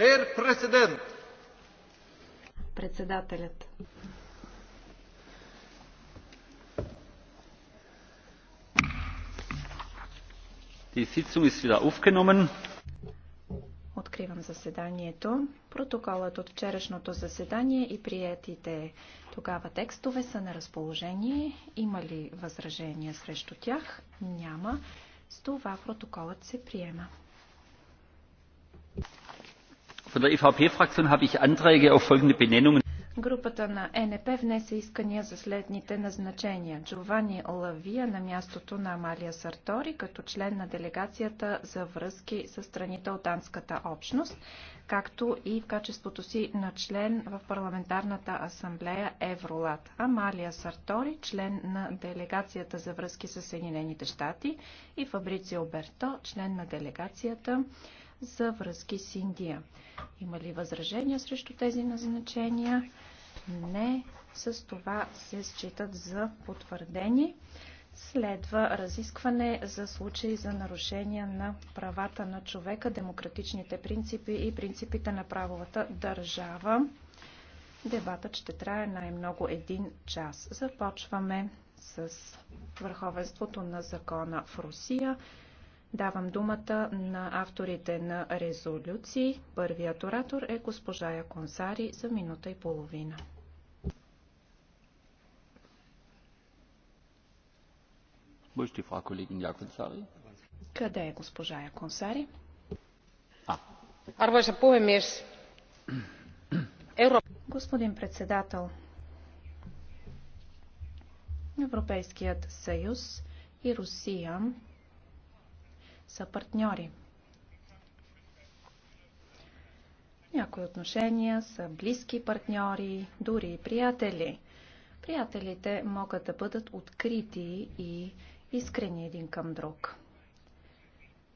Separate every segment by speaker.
Speaker 1: Дер президент! Председателят.
Speaker 2: Die Sitzung ist wieder aufgenommen.
Speaker 1: Откривам заседанието. Протоколът от вчерашното заседание и приятите тогава текстове са на разположение. Има ли възражения срещу тях? Няма. С това протоколът се приема.
Speaker 2: Von der EVP-Fraktion habe ich Anträge auf folgende Benennungen.
Speaker 1: Групата на ЕНП внесе искания за следните назначения. Джовани Лавия на мястото на Амалия Сартори като член на делегацията за връзки с страните от Данската общност, както и в качеството си на член в парламентарната асамблея Евролат. Амалия Сартори, член на делегацията за връзки с Съединените щати и Фабрицио Берто, член на делегацията за връзки с Индия. Има ли възражения срещу тези назначения? Не. С това се считат за потвърдени. Следва разискване за случаи за нарушения на правата на човека, демократичните принципи и принципите на правовата държава. Дебатът ще трае най-много един час. Започваме с върховенството на закона в Русия. Давам думата на авторите на резолюции. Първият оратор е госпожа Яконсари за минута и половина. Къде е госпожа Яконсари? Arvoisa puhemies, Господин председател, Европейският съюз и Русия са партньори. Някои отношения са близки партньори, дори и приятели. Приятелите могат да бъдат открити и искрени един към друг.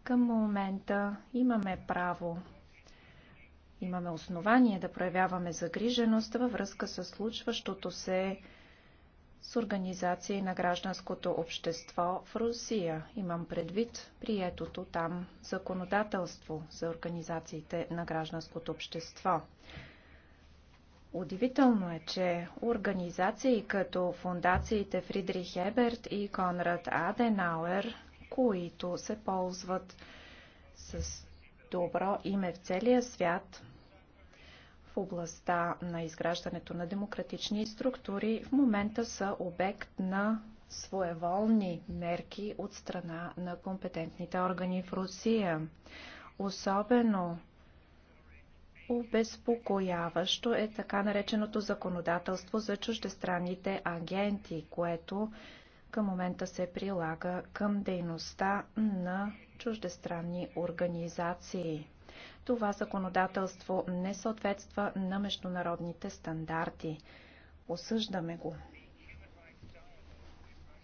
Speaker 1: Към момента имаме право, имаме основание да проявяваме загриженост във връзка с случващото се с организации на гражданското общество в Русия. Имам предвид приетото там законодателство за организациите на гражданското общество. Удивително е, че организации като фундациите Фридрих Еберт и Конрад Аденауер, които се ползват с добро име в целия свят, в областта на изграждането на демократични структури в момента са обект на своеволни мерки от страна на компетентните органи в Русия. Особено обезпокояващо е така нареченото законодателство за чуждестранните агенти, което към момента се прилага към дейността на чуждестранни организации. Това законодателство не съответства на международните стандарти. Осъждаме го.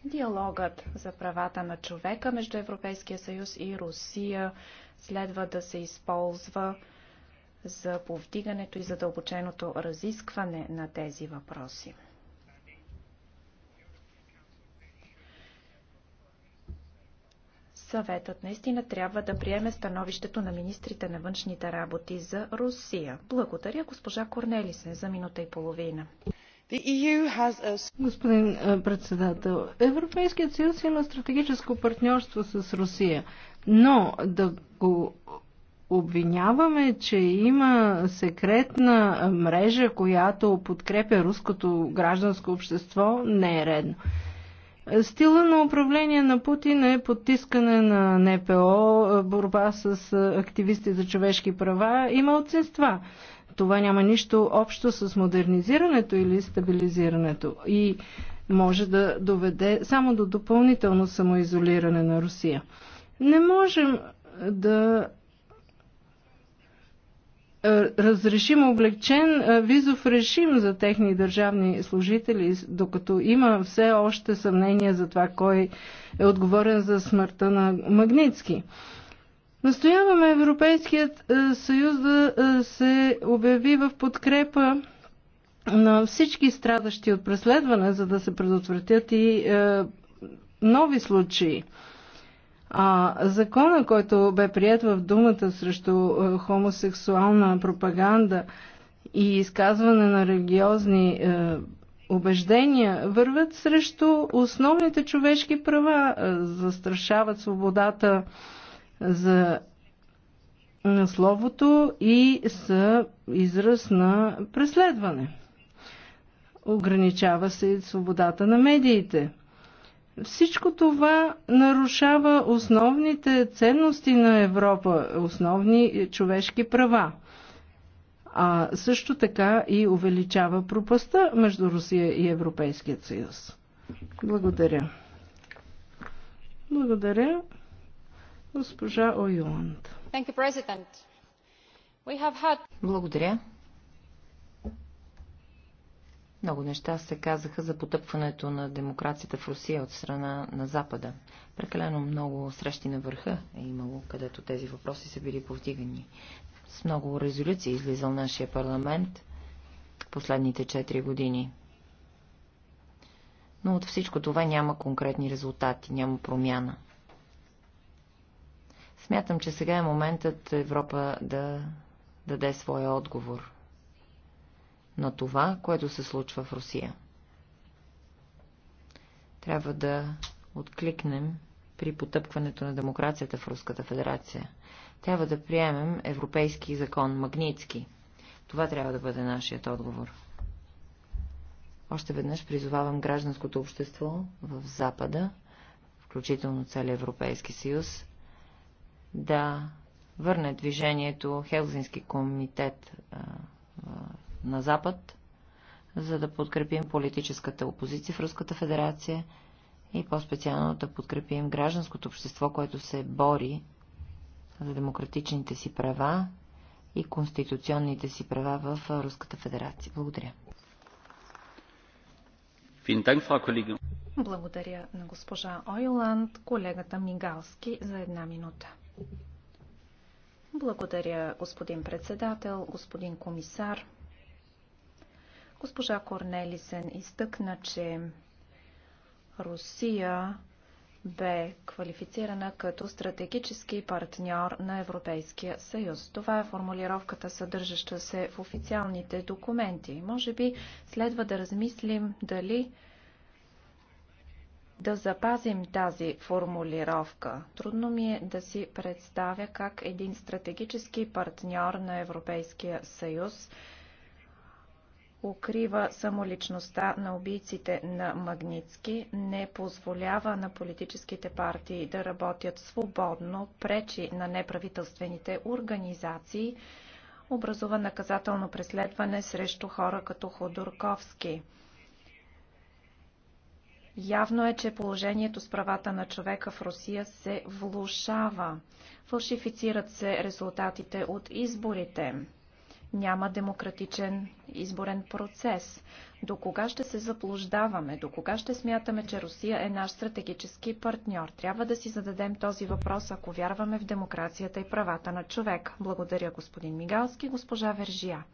Speaker 1: Диалогът за правата на човека между Европейския съюз и Русия следва да се използва за повдигането и задълбоченото разискване на тези въпроси. Съветът наистина трябва да приеме становището на министрите на външните работи за Русия. Благодаря госпожа Корнелисен за минута и половина.
Speaker 3: E Господин е, председател, Европейският съюз има стратегическо партньорство с Русия, но да го обвиняваме, че има секретна мрежа, която подкрепя руското гражданско общество, не е редно. Стила на управление на Путин е потискане на НПО, борба с активисти за човешки права и малцинства. Това няма нищо общо с модернизирането или стабилизирането и може да доведе само до допълнително самоизолиране на Русия. Не можем да е, разрешим облегчен е, визов режим за техни държавни служители, докато има все още съмнение за това кой е отговорен за смъртта на Магницки. Настояваме Европейският е, съюз да се обяви в подкрепа на всички страдащи от преследване, за да се предотвратят и нови случаи. А закона, който бе прият в думата срещу е, хомосексуална пропаганда и изказване на религиозни е, убеждения, вървят срещу основните човешки права, е, застрашават свободата е, за на словото и са израз на преследване. Ограничава се и свободата на медиите. Всичко това нарушава основните ценности на Европа, основни човешки права. А също така и увеличава пропаста между Русия и Европейският съюз. Благодаря. Благодаря. Госпожа Ойланд.
Speaker 4: Благодаря. Много неща се казаха за потъпването на демокрацията в Русия от страна на Запада. Прекалено много срещи на върха е имало, където тези въпроси са били повдигани. С много резолюции е излизал нашия парламент последните 4 години. Но от всичко това няма конкретни резултати, няма промяна. Смятам, че сега е моментът Европа да даде своя отговор – на това, което се случва в Русия. Трябва да откликнем при потъпкването на демокрацията в Руската федерация. Трябва да приемем европейски закон Магницки. Това трябва да бъде нашият отговор. Още веднъж призовавам гражданското общество в Запада, включително целия Европейски съюз, да върне движението Хелзински комитет на Запад, за да подкрепим политическата опозиция в Руската федерация и по-специално да подкрепим гражданското общество, което се бори за демократичните си права и конституционните си права в Руската федерация. Благодаря.
Speaker 1: Благодаря на госпожа Ойланд, колегата Мигалски за една минута. Благодаря, господин председател, господин комисар, Госпожа Корнелисен изтъкна, че Русия бе квалифицирана като стратегически партньор на Европейския съюз. Това е формулировката, съдържаща се в официалните документи. Може би следва да размислим дали да запазим тази формулировка. Трудно ми е да си представя как един стратегически партньор на Европейския съюз укрива самоличността на убийците на Магницки, не позволява на политическите партии да работят свободно, пречи на неправителствените организации, образува наказателно преследване срещу хора като Ходорковски. Явно е, че положението с правата на човека в Русия се влушава. Фалшифицират се резултатите от изборите няма демократичен изборен процес. До кога ще се заблуждаваме? До кога ще смятаме, че Русия е наш стратегически партньор? Трябва да си зададем този въпрос, ако вярваме в демокрацията и правата на човек. Благодаря господин Мигалски, госпожа
Speaker 3: Вержия.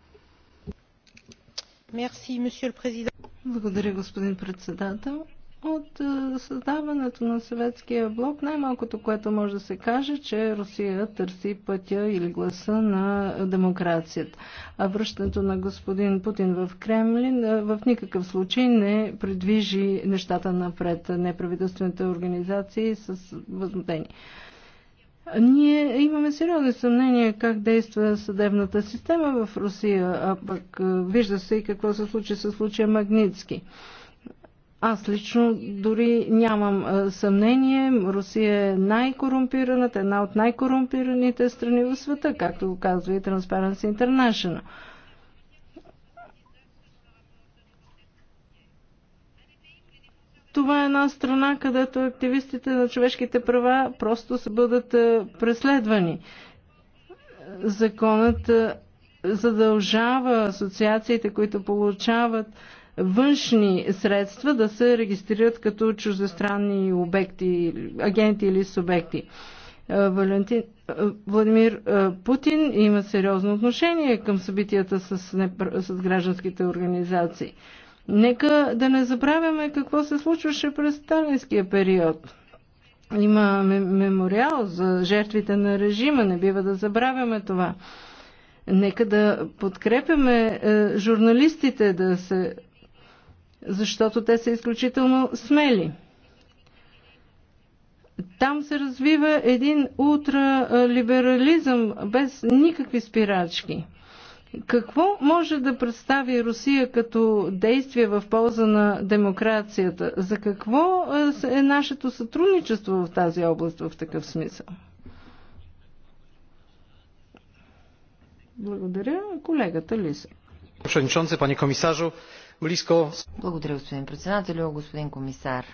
Speaker 3: Благодаря господин председател. От е, създаването на съветския блок най-малкото, което може да се каже, че Русия търси пътя или гласа на демокрацията. А връщането на господин Путин в Кремлин е, в никакъв случай не предвижи нещата напред. Неправителствените организации с възмутени. Ние имаме сериозни съмнения как действа съдебната система в Русия, а пък е, вижда се и какво се случи с случая Магницки. Аз лично дори нямам съмнение. Русия е най-корумпираната, една от най-корумпираните страни в света, както го казва и Transparency International. Това е една страна, където активистите на човешките права просто се бъдат преследвани. Законът задължава асоциациите, които получават външни средства да се регистрират като чуждестранни обекти, агенти или субекти. Е, Валентин, е, Владимир е, Путин има сериозно отношение към събитията с, с гражданските организации. Нека да не забравяме какво се случваше през сталинския период. Има мемориал за жертвите на режима, не бива да забравяме това. Нека да подкрепяме журналистите да се защото те са изключително смели. Там се развива един ултралиберализъм без никакви спирачки. Какво може да представи Русия като действие в полза на демокрацията? За какво е, е нашето сътрудничество в тази област в такъв смисъл? Благодаря. Колегата Лиса.
Speaker 1: Przewodniczący, panie komisarzu,
Speaker 3: близко... Благодаря, господин председател,
Speaker 4: господин комисар.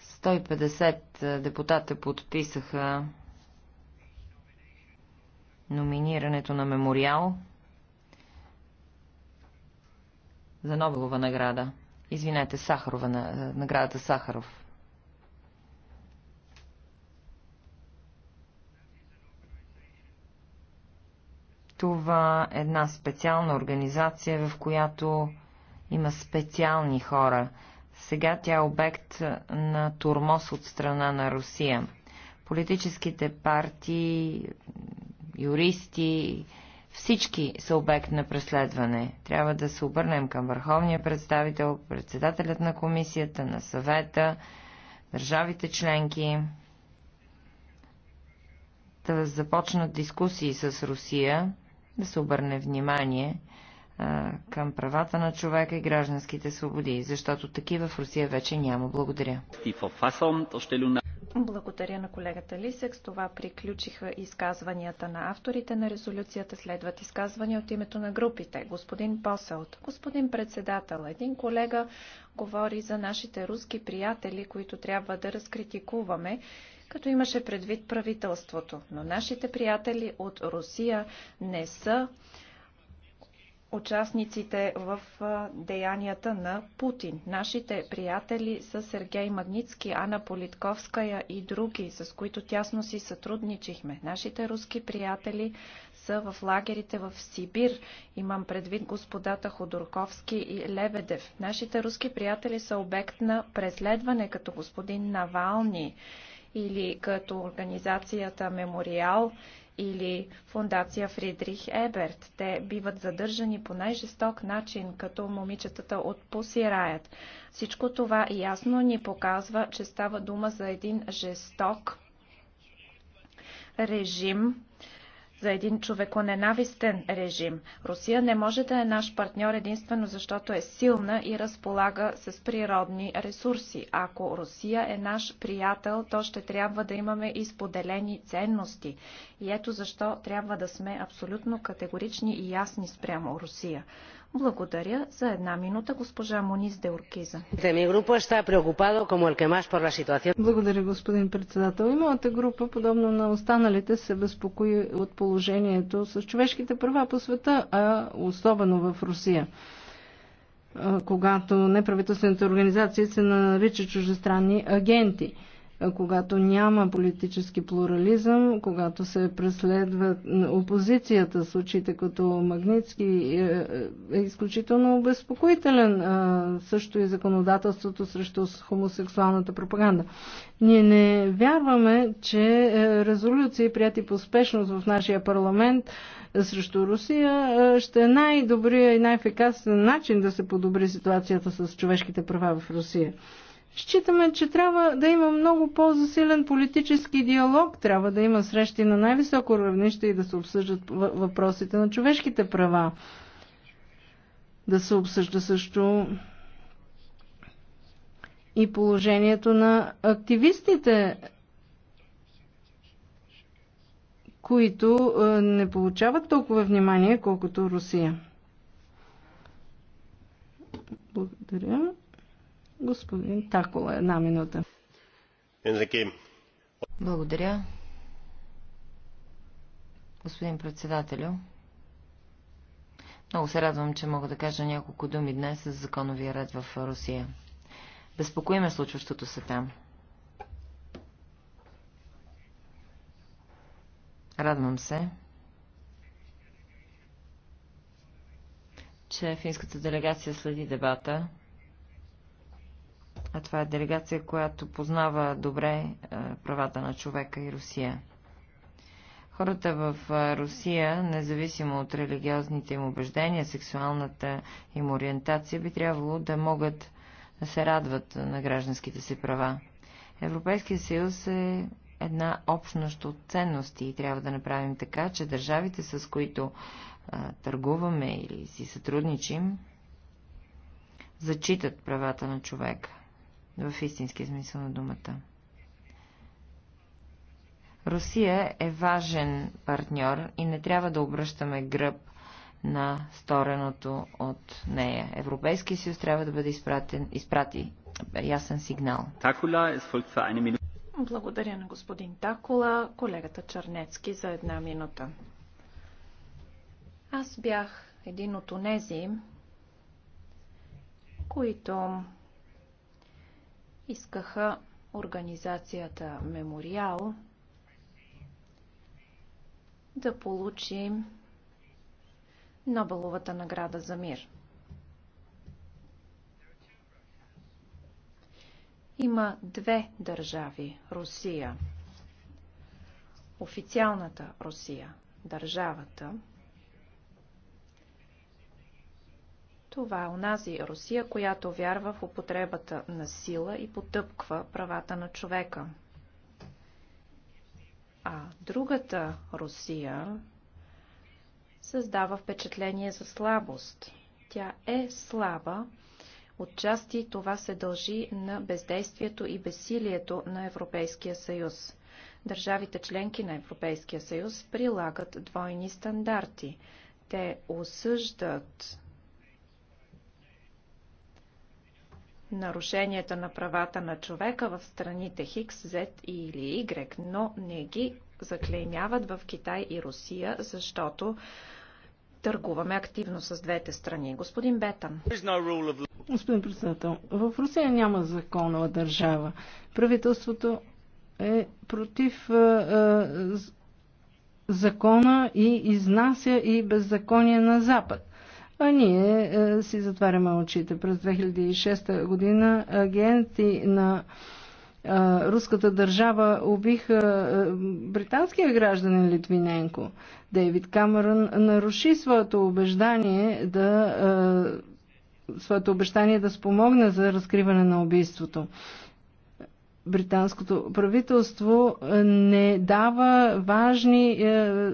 Speaker 4: 150 депутата подписаха номинирането на мемориал за Нобелова награда. Извинете, Сахарова, наградата Сахаров. съществува една специална организация, в която има специални хора. Сега тя е обект на турмоз от страна на Русия. Политическите партии, юристи, всички са обект на преследване. Трябва да се обърнем към върховния представител, председателят на комисията, на съвета, държавите членки, да започнат дискусии с Русия да се обърне внимание а, към правата на човека и гражданските свободи, защото такива в Русия вече няма. Благодаря.
Speaker 1: Благодаря на колегата Лисек. С това приключиха изказванията на авторите на резолюцията. Следват изказвания от името на групите. Господин Поселт, господин председател, един колега говори за нашите руски приятели, които трябва да разкритикуваме като имаше предвид правителството. Но нашите приятели от Русия не са участниците в деянията на Путин. Нашите приятели са Сергей Магницки, Ана Политковская и други, с които тясно си сътрудничихме. Нашите руски приятели са в лагерите в Сибир. Имам предвид господата Ходорковски и Лебедев. Нашите руски приятели са обект на преследване, като господин Навални или като организацията Мемориал или фундация Фридрих Еберт. Те биват задържани по най-жесток начин, като момичетата от Посираят. Всичко това ясно ни показва, че става дума за един жесток режим, за един човеконенавистен режим. Русия не може да е наш партньор единствено защото е силна и разполага с природни ресурси. Ако Русия е наш приятел, то ще трябва да имаме и споделени ценности. И ето защо трябва да сме абсолютно категорични и ясни спрямо Русия. Благодаря за една минута, госпожа Монис
Speaker 3: Деоркиза. Благодаря, господин председател. И моята група, подобно на останалите, се безпокои от положението с човешките права по света, а особено в Русия когато неправителствените организации се наричат чуждестранни агенти когато няма политически плурализъм, когато се преследва опозицията, случаите като Магницки, е, е, е изключително обезпокоителен. Също и законодателството срещу хомосексуалната пропаганда. Ние не вярваме, че е, резолюции, прияти по спешност в нашия парламент срещу Русия, ще е най-добрия и най-ефикасен начин да се подобри ситуацията с човешките права в Русия. Считаме, че трябва да има много по-засилен политически диалог, трябва да има срещи на най-високо равнище и да се обсъждат въпросите на човешките права. Да се обсъжда също и положението на активистите, които е, не получават толкова внимание, колкото Русия. Благодаря. Господин Такола, една минута.
Speaker 4: Благодаря. Господин председателю, много се радвам, че мога да кажа няколко думи днес за законовия ред в Русия. Безпокоиме случващото се там. Радвам се, че финската делегация следи дебата а това е делегация, която познава добре е, правата на човека и Русия. Хората в е, Русия, независимо от религиозните им убеждения, сексуалната им ориентация, би трябвало да могат да се радват на гражданските си права. Европейския съюз е една общност от ценности и трябва да направим така, че държавите, с които а, е, търгуваме или си сътрудничим, зачитат правата на човека в истинския смисъл на думата. Русия е важен партньор и не трябва да обръщаме гръб на стореното от нея. Европейския съюз трябва да бъде изпратен, изпрати ясен сигнал.
Speaker 2: Е
Speaker 1: Благодаря на господин Такола, колегата Чернецки за една минута. Аз бях един от онези, които искаха организацията Мемориал да получи Нобеловата награда за мир. Има две държави – Русия. Официалната Русия, държавата – Това е онази Русия, която вярва в употребата на сила и потъпква правата на човека. А другата Русия създава впечатление за слабост. Тя е слаба. Отчасти това се дължи на бездействието и бесилието на Европейския съюз. Държавите членки на Европейския съюз прилагат двойни стандарти. Те осъждат нарушенията на правата на човека в страните Хикс, Z или Y, но не ги заклеймяват в Китай и Русия, защото търгуваме активно с двете страни. Господин Бетан.
Speaker 3: Господин председател, в Русия няма законова държава. Правителството е против е, е, закона и изнася и беззаконие на Запад а ние а, е, си затваряме очите. През 2006 година агенти на а, е, руската държава убиха а, е, британския гражданин Литвиненко. Дейвид Камерън наруши своето убеждание да своето обещание да спомогне за разкриване на убийството. Британското правителство не дава важни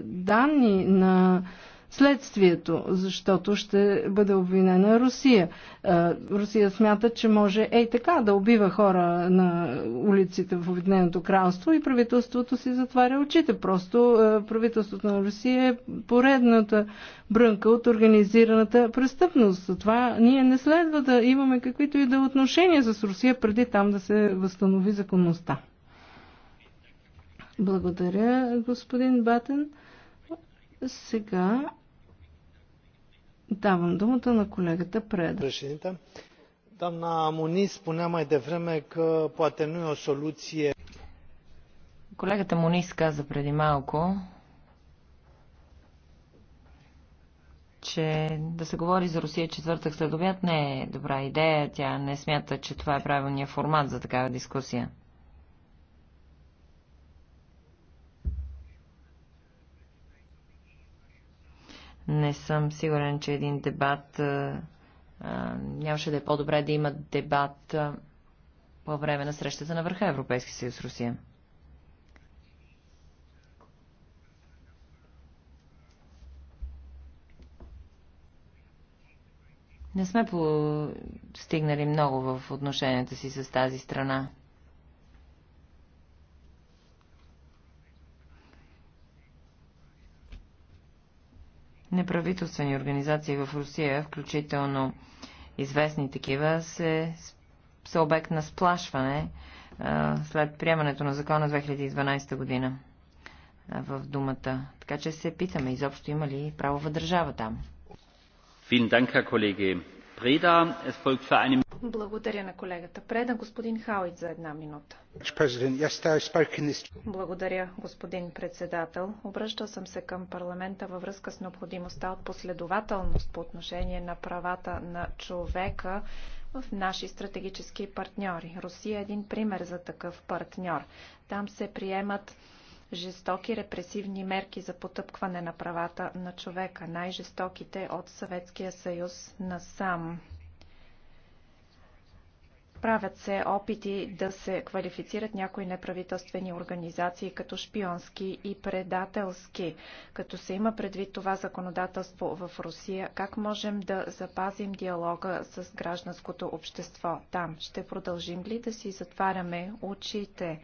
Speaker 3: данни на следствието, защото ще бъде обвинена Русия. Е, Русия смята, че може ей така да убива хора на улиците в Обединеното кралство и правителството си затваря очите. Просто е, правителството на Русия е поредната брънка от организираната престъпност. Затова ние не следва да имаме каквито и да е отношения с Русия преди там да се възстанови законността. Благодаря, господин Батен. Сега Давам думата на колегата Преда. Președinte, doamna Muniz spunea mai devreme că poate nu e o soluție.
Speaker 4: Колегата Мунис каза преди малко, че да се говори за Русия четвъртък след обяд не е добра идея. Тя не смята, че това е правилният формат за такава дискусия. Не съм сигурен, че един дебат нямаше да е по-добре да има дебат по време на срещата на върха Европейски съюз Русия. Не сме постигнали много в отношенията си с тази страна. неправителствени организации в Русия, включително известни такива, се, са обект на сплашване а, след приемането на закона 2012 година в думата. Така че се питаме, изобщо има ли правова държава
Speaker 2: там. Vielen Dank, Herr Kollege Preda. Es folgt für eine благодаря
Speaker 1: на колегата Преда. Господин Хауит за една минута. Благодаря, господин председател. Обръщал съм се към парламента във връзка с необходимостта от последователност по отношение на правата на човека в наши стратегически партньори. Русия е един пример за такъв партньор. Там се приемат жестоки репресивни мерки за потъпкване на правата на човека, най-жестоките от Съветския съюз насам. Правят се опити да се квалифицират някои неправителствени организации като шпионски и предателски. Като се има предвид това законодателство в Русия, как можем да запазим диалога с гражданското общество там? Ще продължим ли да си затваряме очите?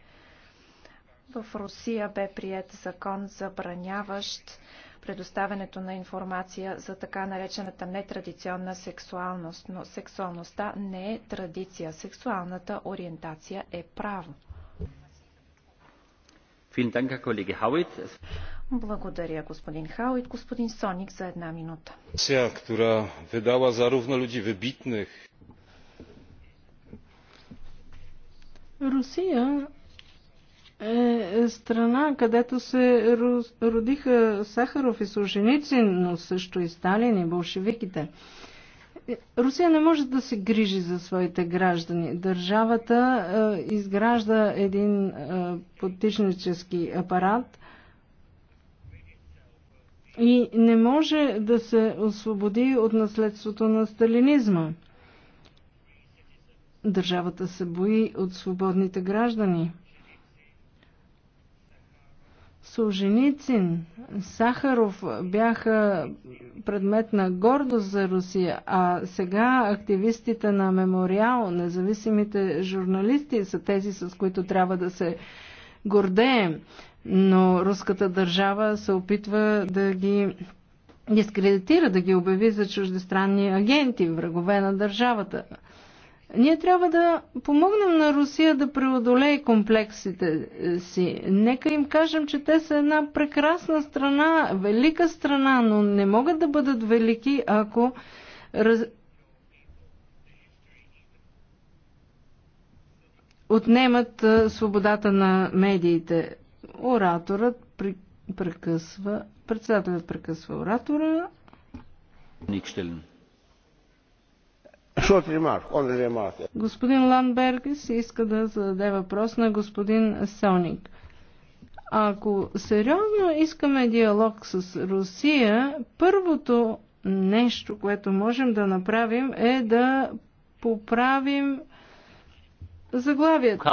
Speaker 1: В Русия бе прият закон, забраняващ предоставянето на информация за така наречената нетрадиционна сексуалност, но сексуалността не е традиция. Сексуалната ориентация е право. Благодаря, господин Хауит. Господин Соник за една минута.
Speaker 2: Сега, Która wydała zarówno ludzi wybitnych.
Speaker 3: Русия е, е страна, където се родиха Сахаров и Солженици, но също и Сталин и болшевиките. Е, Русия не може да се грижи за своите граждани. Държавата е, изгражда един е, потичнически апарат и не може да се освободи от наследството на сталинизма. Държавата се бои от свободните граждани. Солженицин, Сахаров бяха предмет на гордост за Русия, а сега активистите на Мемориал, независимите журналисти са тези, с които трябва да се гордеем. Но руската държава се опитва да ги дискредитира, да ги обяви за чуждестранни агенти, врагове на държавата. Ние трябва да помогнем на Русия да преодолее комплексите е, си. Нека им кажем, че те са една прекрасна страна, велика страна, но не могат да бъдат велики, ако раз... отнемат е, свободата на медиите. Ораторът при... прекъсва, председателят прекъсва оратора. Никщелен. Господин Ланбергес иска да зададе въпрос на господин Соник. Ако сериозно искаме диалог с Русия, първото нещо, което можем да направим е да поправим заглавието.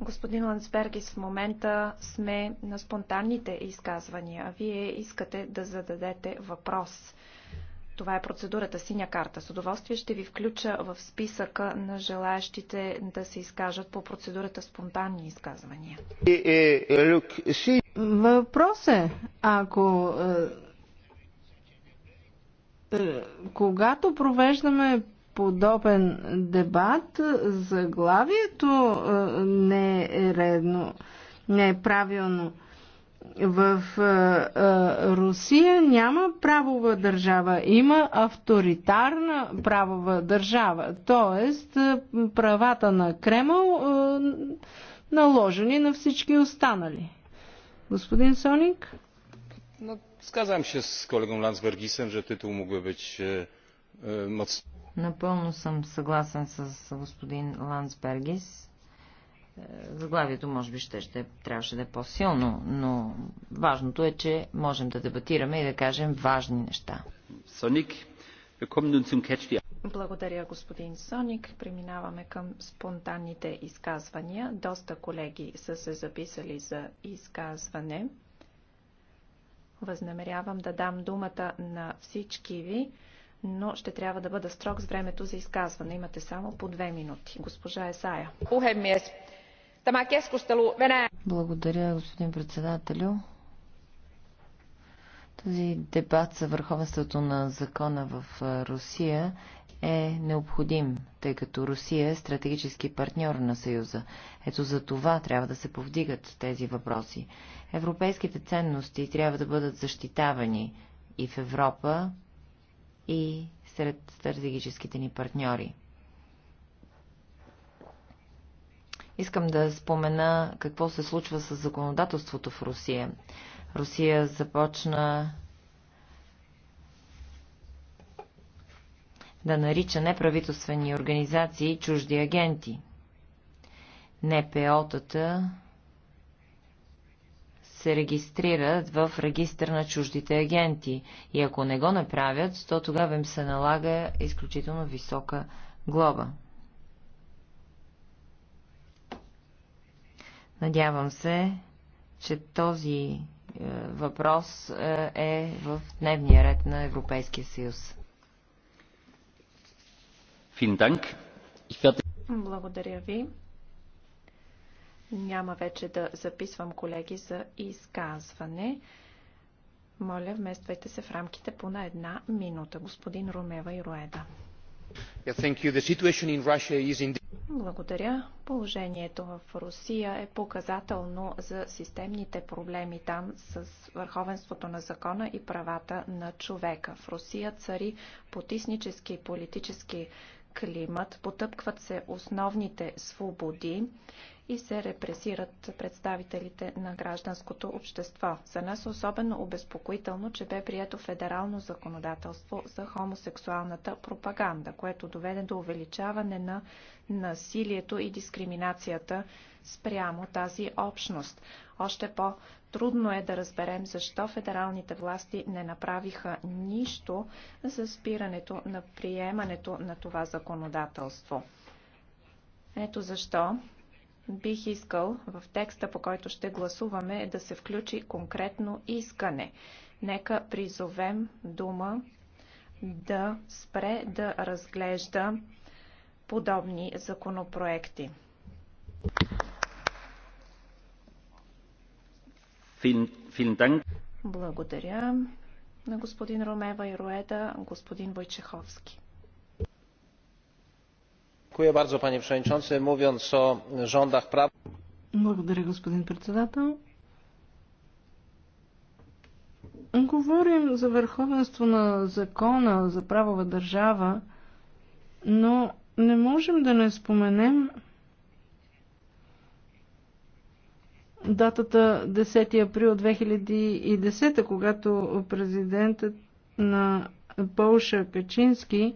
Speaker 3: Господин Лансбергис,
Speaker 1: в момента сме на спонтанните изказвания, а вие искате да зададете въпрос. Това е процедурата синя карта. С удоволствие ще ви включа в списъка на желаящите да се изкажат по процедурата спонтанни изказвания.
Speaker 2: Е, е,
Speaker 3: е, Въпрос е, ако когато провеждаме подобен дебат, заглавието не е редно, не е правилно в Русия няма правова държава, има авторитарна правова държава, т.е. правата на Кремъл наложени на всички останали. Господин Соник?
Speaker 1: No, zgadzam się z kolegą че że tytuł mógłby być e, e, mocny.
Speaker 4: Напълно съм съгласен с господин Ландсбергис. Е, заглавието може би ще, ще трябваше да е по-силно, но важното е, че можем да дебатираме и да кажем важни неща.
Speaker 2: Соник,
Speaker 1: благодаря, господин Соник. Преминаваме към спонтанните изказвания. Доста колеги са се записали за изказване. Възнамерявам да дам думата на всички ви, но ще трябва да бъда строг с времето за изказване. Имате само по две минути. Госпожа Есая. Puhemies, Tämä keskustelu Venäjä... Благодаря,
Speaker 4: господин председателю. Този дебат за върховенството на закона в Русия е необходим, тъй като Русия е стратегически партньор на Съюза. Ето за това трябва да се повдигат тези въпроси. Европейските ценности трябва да бъдат защитавани и в Европа, и сред стратегическите ни партньори. Искам да спомена какво се случва с законодателството в Русия. Русия започна да нарича неправителствени организации чужди агенти. НПО-тата се регистрират в регистър на чуждите агенти и ако не го направят, то тогава им се налага изключително висока глоба. Надявам се, че този е, въпрос е, е в дневния ред на
Speaker 2: Европейския съюз.
Speaker 1: Благодаря ви. Няма вече да записвам колеги за изказване. Моля, вмествайте се в рамките по на една минута. Господин Ромева и Роеда. Благодаря. Положението в Русия е показателно за системните проблеми там с върховенството на закона и правата на човека. В Русия цари потиснически и политически климат, потъпкват се основните свободи и се репресират представителите на гражданското общество. За нас е особено обезпокоително, че бе прието федерално законодателство за хомосексуалната пропаганда, което доведе до увеличаване на насилието и дискриминацията спрямо тази общност. Още по-трудно е да разберем защо федералните власти не направиха нищо за спирането на приемането на това законодателство. Ето защо Бих искал в текста, по който ще гласуваме, да се включи конкретно искане. Нека призовем дума да спре да разглежда подобни законопроекти. Благодаря на господин Ромева и Роеда, господин Войчеховски panie przewodniczący!
Speaker 3: говорим за върховенство на закона, за правова държава, но не можем да не споменем датата 10 април 2010, когато президентът на Полша Качински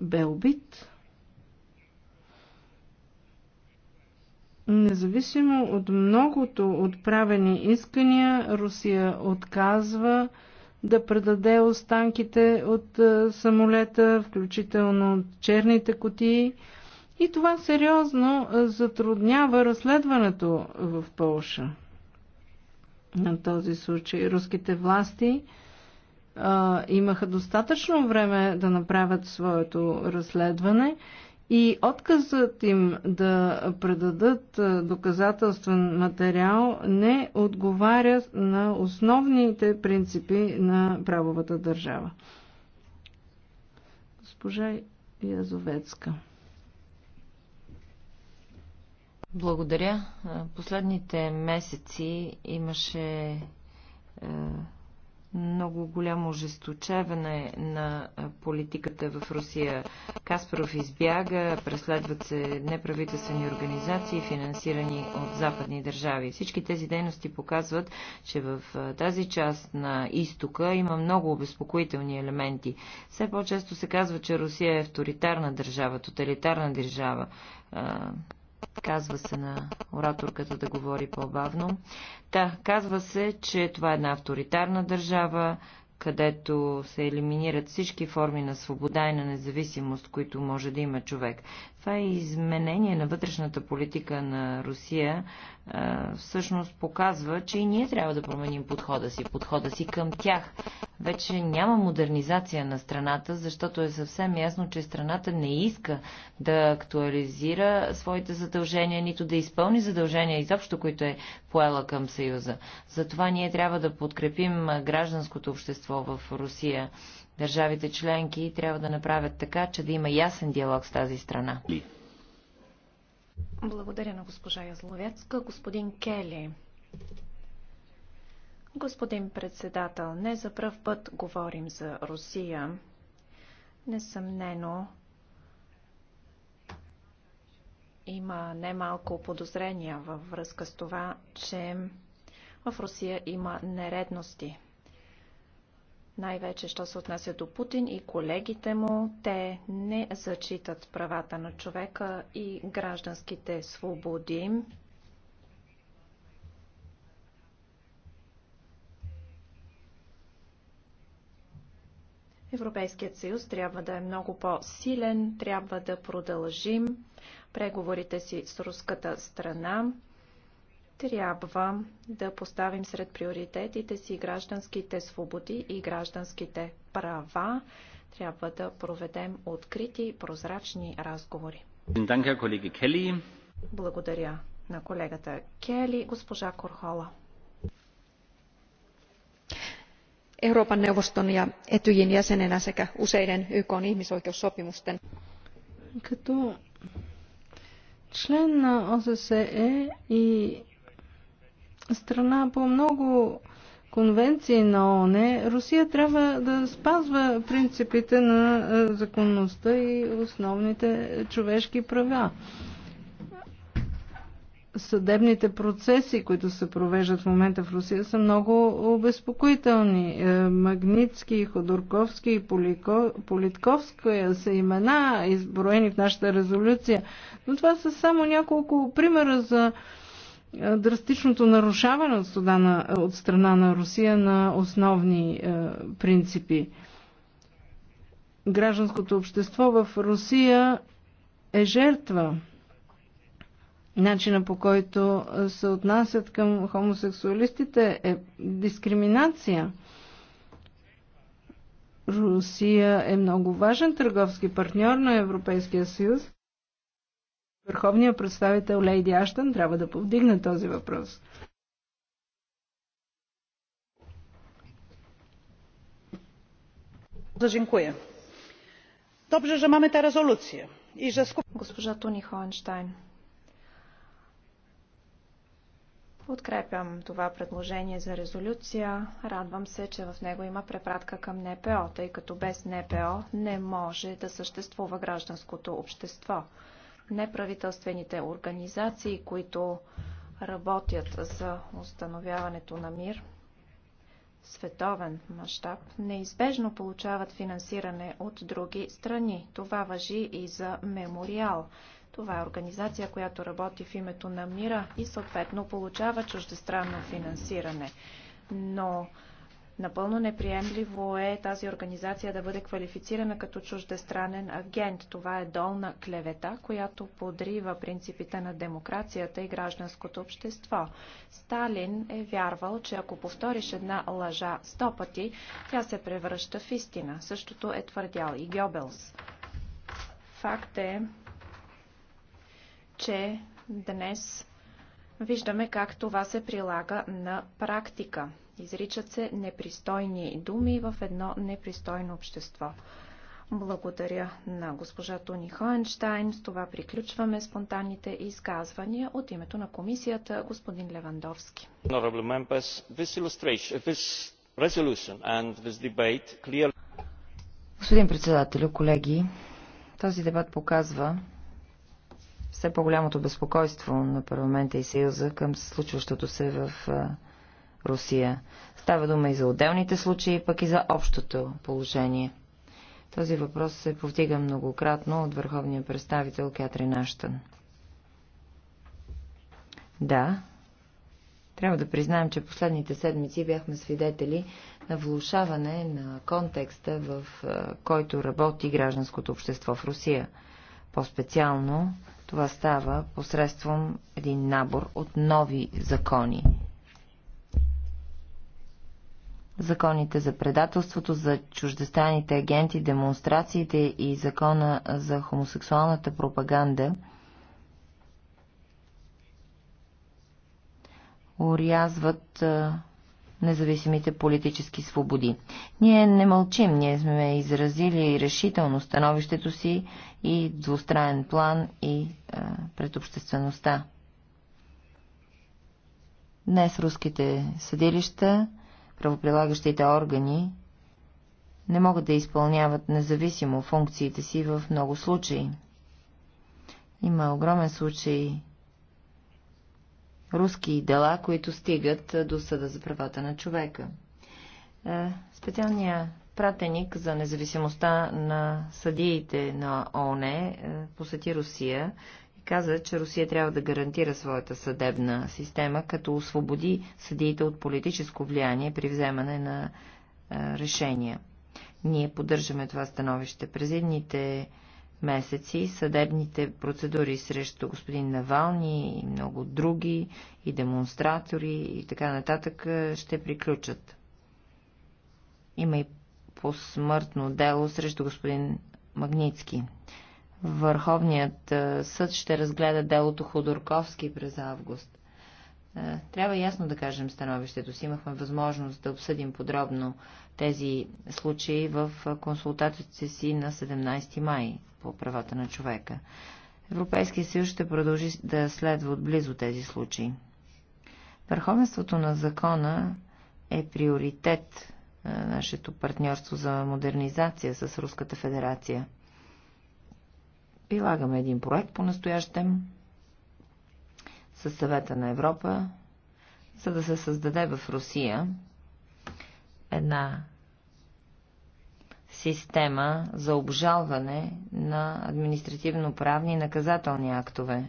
Speaker 3: бе убит. Независимо от многото отправени искания, Русия отказва да предаде останките от е, самолета, включително от черните котии. И това сериозно е, затруднява разследването в Полша. На този случай руските власти а, имаха достатъчно време да направят своето разследване и отказът им да предадат доказателствен материал не отговаря на основните принципи на правовата държава. Госпожа Язовецка.
Speaker 4: Благодаря. Последните месеци имаше е, много голямо ожесточаване на политиката в Русия. Каспаров избяга, преследват се неправителствени организации, финансирани от западни държави. Всички тези дейности показват, че в тази част на изтока има много обезпокоителни елементи. Все по-често се казва, че Русия е авторитарна държава, тоталитарна държава Казва се на ораторката да говори по-бавно. Та, казва се, че това е една авторитарна държава, където се елиминират всички форми на свобода и на независимост, които може да има човек. Това е изменение на вътрешната политика на Русия, всъщност показва, че и ние трябва да променим подхода си, подхода си към тях, вече няма модернизация на страната, защото е съвсем ясно, че страната не иска да актуализира своите задължения, нито да изпълни задължения изобщо, които е поела към Съюза. Затова ние трябва да подкрепим гражданското общество в Русия. Държавите членки трябва да направят така, че да има ясен диалог с тази страна.
Speaker 1: Благодаря на госпожа Язловецка. Господин Кели. Господин председател, не за пръв път говорим за Русия. Несъмнено, има немалко подозрения във връзка с това, че в Русия има нередности. Най-вече, що се отнася до Путин и колегите му, те не зачитат правата на човека и гражданските свободи. Европейският съюз трябва да е много по-силен, трябва да продължим преговорите си с руската страна, трябва да поставим сред приоритетите си гражданските свободи и гражданските права. Трябва да проведем открити, прозрачни разговори. Благодаря на колегата Кели, госпожа Корхола. euroopan neuvoston ja etyjin jäsenenä sekä useiden ykn ihmisoikeussopimusten
Speaker 3: като член на ОССЕ и страна по много конвенции на ООН, Русия трябва да спазва принципите на е, законността и основните човешки права съдебните процеси, които се провеждат в момента в Русия, са много обезпокоителни. Е, Магницки, Ходорковски и Политковска са имена, изброени в нашата резолюция. Но това са само няколко примера за е, драстичното нарушаване от, на, от страна на Русия на основни е, принципи. Гражданското общество в Русия е жертва начина по който се отнасят към хомосексуалистите е дискриминация. Русия е много важен търговски партньор на Европейския съюз. Върховният представител Лейди Аштън трябва да повдигне този въпрос. Dobrze, Добре, че
Speaker 1: имаме тази резолюция. Госпожа Тони Хоенштайн. Подкрепям това предложение за резолюция. Радвам се, че в него има препратка към НПО, тъй като без НПО не може да съществува гражданското общество. Неправителствените организации, които работят за установяването на мир в световен мащаб, неизбежно получават финансиране от други страни. Това въжи и за мемориал. Това е организация, която работи в името на мира и съответно получава чуждестранно финансиране. Но Напълно неприемливо е тази организация да бъде квалифицирана като чуждестранен агент. Това е долна клевета, която подрива принципите на демокрацията и гражданското общество. Сталин е вярвал, че ако повториш една лъжа сто пъти, тя се превръща в истина. Същото е твърдял и Гьобелс. Факт е, че днес виждаме как това се прилага на практика. Изричат се непристойни думи в едно непристойно общество. Благодаря на госпожа Тони Хоенштайн. С това приключваме спонтанните изказвания от името на комисията господин Левандовски. Господин председател,
Speaker 4: колеги, този дебат показва, все по-голямото безпокойство на парламента и Съюза към случващото се в Русия. Става дума и за отделните случаи, пък и за общото положение. Този въпрос се повдига многократно от върховния представител Кятри Аштън. Да, трябва да признаем, че последните седмици бяхме свидетели на влушаване на контекста, в който работи гражданското общество в Русия – по-специално това става посредством един набор от нови закони. Законите за предателството, за чуждестранните агенти, демонстрациите и закона за хомосексуалната пропаганда урязват независимите политически свободи. Ние не мълчим, ние сме изразили решително становището си и двустранен план и а, пред обществеността. Днес руските съдилища, правоприлагащите органи не могат да изпълняват независимо функциите си в много случаи. Има огромен случай руски дела, които стигат до съда за правата на човека. Е, Специалният пратеник за независимостта на съдиите на ООН е, посети Русия и каза, че Русия трябва да гарантира своята съдебна система, като освободи съдиите от политическо влияние при вземане на е, решения. Ние поддържаме това становище. През едните месеци съдебните процедури срещу господин Навални и много други, и демонстратори и така нататък ще приключат. Има и посмъртно дело срещу господин Магницки. Върховният съд ще разгледа делото Ходорковски през август. Е, трябва ясно да кажем становището си. Имахме възможност да обсъдим подробно тези случаи в консултациите си на 17 май по правата на човека. Европейския съюз ще продължи да следва отблизо тези случаи. Върховенството на закона е приоритет на е, нашето партньорство за модернизация с Руската федерация. Прилагаме един проект по настоящем, със съвета на Европа, за да се създаде в Русия една система за обжалване на административно-правни и наказателни актове.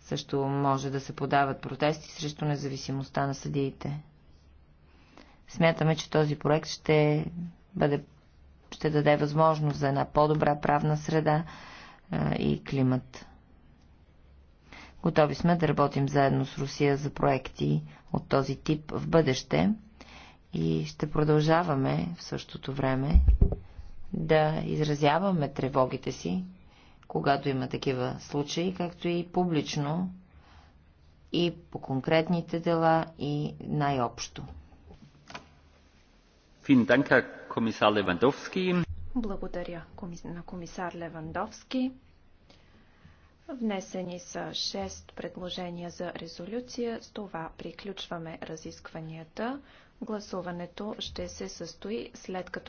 Speaker 4: Също може да се подават протести срещу независимостта на съдиите. Смятаме, че този проект ще, бъде, ще даде възможност за една по-добра правна среда и климат. Готови сме да работим заедно с Русия за проекти от този тип в бъдеще и ще продължаваме в същото време да изразяваме тревогите си, когато има такива случаи, както и публично, и по конкретните дела, и
Speaker 2: най-общо.
Speaker 1: Благодаря на комисар Левандовски. Внесени са 6 предложения за резолюция. С това приключваме разискванията. Гласуването ще се състои след като